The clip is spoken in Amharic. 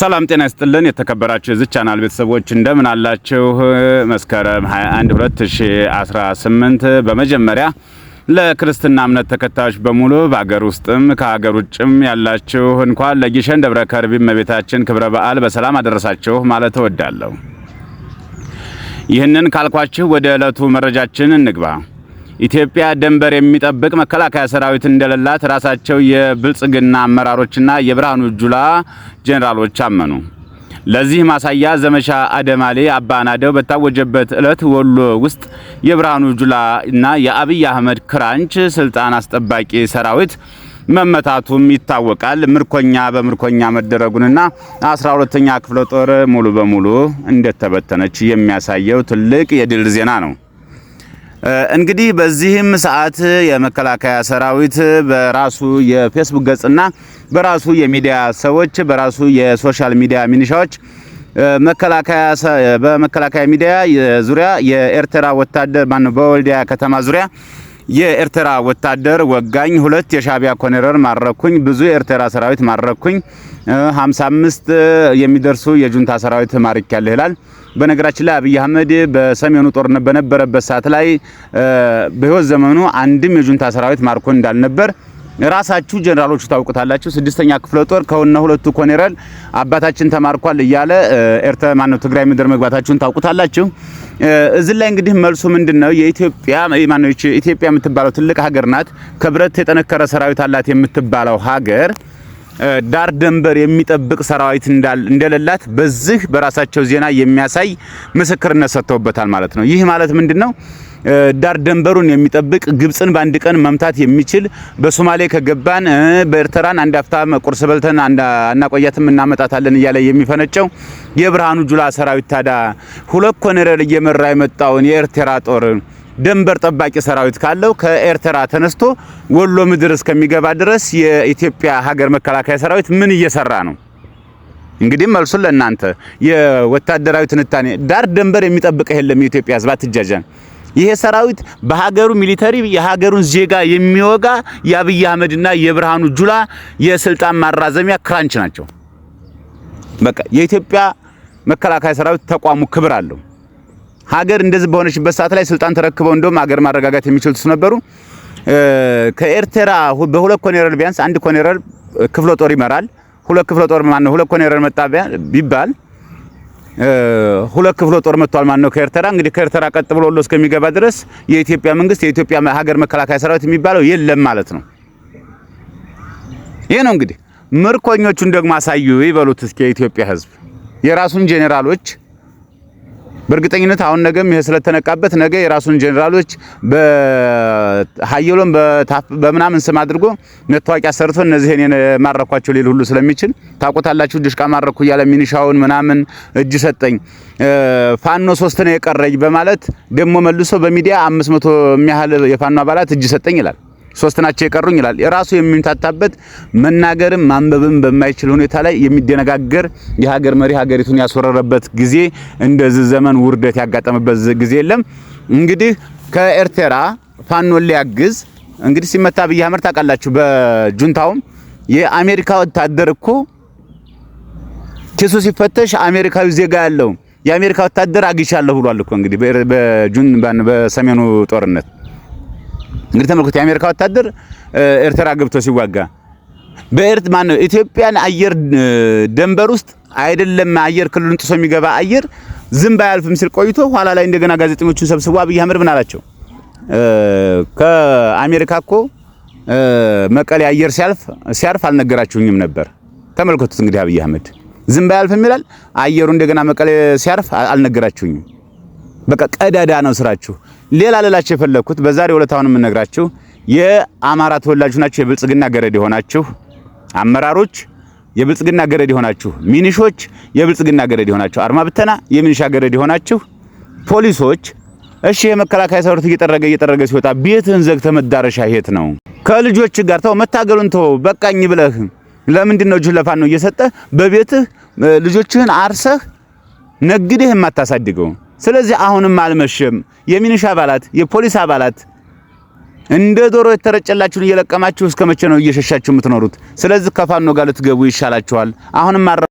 ሰላም ጤና ይስጥልን። የተከበራችሁ የዚህ ቻናል ቤተሰቦች እንደምን አላችሁ? መስከረም 21 2018 በመጀመሪያ ለክርስትና እምነት ተከታዮች በሙሉ በአገር ውስጥም ከሀገር ውጭም ያላችሁ እንኳን ለጊሸን ደብረ ከርቢ እመቤታችን ክብረ በዓል በሰላም አደረሳችሁ ማለት እወዳለሁ። ይህንን ካልኳችሁ ወደ ዕለቱ መረጃችን እንግባ። ኢትዮጵያ ደንበር የሚጠብቅ መከላከያ ሰራዊት እንደሌላት ራሳቸው የብልጽግና አመራሮችና የብርሃኑ ጁላ ጄኔራሎች አመኑ። ለዚህ ማሳያ ዘመቻ አደማሌ አባናደው በታወጀበት ዕለት ወሎ ውስጥ የብርሃኑ ጁላ እና የአብይ አህመድ ክራንች ስልጣን አስጠባቂ ሰራዊት መመታቱም ይታወቃል። ምርኮኛ በምርኮኛ መደረጉንና 12ኛ ክፍለ ጦር ሙሉ በሙሉ እንደተበተነች የሚያሳየው ትልቅ የድል ዜና ነው። እንግዲህ በዚህም ሰዓት የመከላከያ ሰራዊት በራሱ የፌስቡክ ገጽና በራሱ የሚዲያ ሰዎች በራሱ የሶሻል ሚዲያ ሚኒሻዎች መከላከያ በመከላከያ ሚዲያ ዙሪያ የኤርትራ ወታደር ማነው በወልዲያ ከተማ ዙሪያ የኤርትራ ወታደር ወጋኝ፣ ሁለት የሻቢያ ኮኔረር ማረኩኝ፣ ብዙ የኤርትራ ሰራዊት ማረኩኝ፣ 55 የሚደርሱ የጁንታ ሰራዊት ያለ ይላል። በነገራችን ላይ አብይ አህመድ በሰሜኑ ጦርነት በነበረበት ሰዓት ላይ በህይወት ዘመኑ አንድም የጁንታ ሰራዊት ማርኮ እንዳልነበር ራሳችሁ ጀነራሎቹ ታውቁታላችሁ። ስድስተኛ ክፍለ ጦር ከሆነ ሁለቱ ኮኔረል አባታችን ተማርኳል እያለ ኤርትራ ማነው ትግራይ ምድር መግባታችሁን ታውቁታላችሁ። እዚህ ላይ እንግዲህ መልሱ ምንድን ነው? የኢትዮጵያ ማኖች ኢትዮጵያ የምትባለው ትልቅ ሀገር ናት። ከብረት የጠነከረ ሰራዊት አላት የምትባለው ሀገር ዳር ደንበር የሚጠብቅ ሰራዊት እንደሌላት በዚህ በራሳቸው ዜና የሚያሳይ ምስክርነት ሰጥተውበታል ማለት ነው። ይህ ማለት ምንድን ነው? ዳር ደንበሩን የሚጠብቅ ግብፅን በአንድ ቀን መምታት የሚችል በሶማሌ ከገባን በኤርትራን አንድ አፍታ ቁርስ በልተን አናቆያትም እናመጣታለን እያለ የሚፈነጨው የብርሃኑ ጁላ ሰራዊት ታዳ ሁለት ኮነረል እየመራ የመጣውን የኤርትራ ጦር ደንበር ጠባቂ ሰራዊት ካለው ከኤርትራ ተነስቶ ወሎ ምድር እስከሚገባ ድረስ የኢትዮጵያ ሀገር መከላከያ ሰራዊት ምን እየሰራ ነው? እንግዲህ መልሱን ለእናንተ የወታደራዊ ትንታኔ ዳር ደንበር የሚጠብቀ የለም። የኢትዮጵያ ህዝብ አትጃጃን። ይሄ ሰራዊት በሀገሩ ሚሊተሪ የሀገሩን ዜጋ የሚወጋ የአብይ አህመድና የብርሃኑ ጁላ የስልጣን ማራዘሚያ ክራንች ናቸው። በቃ የኢትዮጵያ መከላከያ ሰራዊት ተቋሙ ክብር አለው። ሀገር እንደዚህ በሆነችበት ሰዓት ላይ ስልጣን ተረክበው እንደውም ሀገር ማረጋጋት የሚችሉት ነበሩ። ከኤርትራ በሁለት ኮኔረል ቢያንስ አንድ ኮኔረል ክፍለ ጦር ይመራል። ሁለት ክፍለ ጦር ማነው ሁለት ኮኔረል መጣ ቢባል ሁለት ክፍለ ጦር መጥቷል ማን ነው ከኤርትራ እንግዲህ ከኤርትራ ቀጥ ብሎ ወሎ እስከሚገባ ድረስ የኢትዮጵያ መንግስት የኢትዮጵያ ሀገር መከላከያ ሰራዊት የሚባለው የለም ማለት ነው ይህ ነው እንግዲህ ምርኮኞቹን ደግሞ አሳዩ ይበሉት እስኪ የኢትዮጵያ ህዝብ የራሱን ጄኔራሎች በእርግጠኝነት አሁን ነገም ይሄ ስለተነቃበት ነገ የራሱን ጄኔራሎች በሀየሎም በምናምን ስም አድርጎ መታወቂያ ሰርቶ እነዚህን የማረኳቸው ሌል ሁሉ ስለሚችል ታቆታላችሁ። ድሽቃ ማረኩ እያለ ሚኒሻውን ምናምን እጅ ሰጠኝ ፋኖ ሶስት ነው የቀረኝ በማለት ደግሞ መልሶ በሚዲያ አምስት መቶ የሚያህል የፋኖ አባላት እጅ ሰጠኝ ይላል። ሶስት ናቸው የቀሩኝ ይላል። የራሱ የሚምታታበት መናገርም ማንበብም በማይችል ሁኔታ ላይ የሚደነጋገር የሀገር መሪ ሀገሪቱን ያስወረረበት ጊዜ እንደዚህ ዘመን ውርደት ያጋጠመበት ጊዜ የለም። እንግዲህ ከኤርትራ ፋኖን ሊያግዝ እንግዲህ ሲመታ አብይ አህመድ ታውቃላችሁ፣ በጁንታውም የአሜሪካ ወታደር እኮ ኪሱ ሲፈተሽ አሜሪካዊ ዜጋ ያለው የአሜሪካ ወታደር አግኝቻለሁ ብሏል እኮ እንግዲህ በጁን በሰሜኑ ጦርነት እንግዲህ ተመልከቱ፣ የአሜሪካ ወታደር ኤርትራ ገብቶ ሲዋጋ በኤርት ማነው ኢትዮጵያን አየር ደንበር ውስጥ አይደለም አየር ክልሉን ጥሶ የሚገባ አየር ዝም ባያልፍም ሲል ቆይቶ ኋላ ላይ እንደገና ጋዜጠኞቹን ሰብስቦ አብይ አህመድ ምን አላቸው? ከአሜሪካ እኮ መቀሌ አየር ሲያልፍ ሲያርፍ አልነገራችሁኝም ነበር። ተመልከቱት እንግዲህ አብይ አህመድ ዝም ባያልፍም ይላል። አየሩ እንደገና መቀሌ ሲያርፍ አልነገራችሁኝም። በቃ ቀዳዳ ነው ስራችሁ። ሌላ ልላችሁ የፈለኩት በዛሬው ዕለት አሁን የምነግራችሁ የአማራ ተወላጅ ሆናችሁ የብልጽግና ገረድ የሆናችሁ አመራሮች የብልጽግና ገረድ የሆናችሁ ሚኒሾች የብልጽግና ገረድ የሆናችሁ አርማ ብተና የሚኒሻ ገረድ የሆናችሁ ፖሊሶች፣ እሺ የመከላከያ ሰራዊት እየጠረገ እየጠረገ ሲወጣ ቤትህን ዘግተህ መዳረሻ የት ነው? ከልጆች ጋር ተው፣ መታገሉን ተው፣ በቃኝ ብለህ ለምንድን ነው እጅህ ለፋኖ እየሰጠህ በቤትህ ልጆችህን አርሰህ ነግደህ የማታሳድገው? ስለዚህ አሁንም አልመሸም። የሚኒሻ አባላት፣ የፖሊስ አባላት እንደ ዶሮ የተረጨላችሁን እየለቀማችሁ እስከ መቼ ነው እየሸሻችሁ የምትኖሩት? ስለዚህ ከፋኖ ጋር ልትገቡ ይሻላችኋል። አሁንም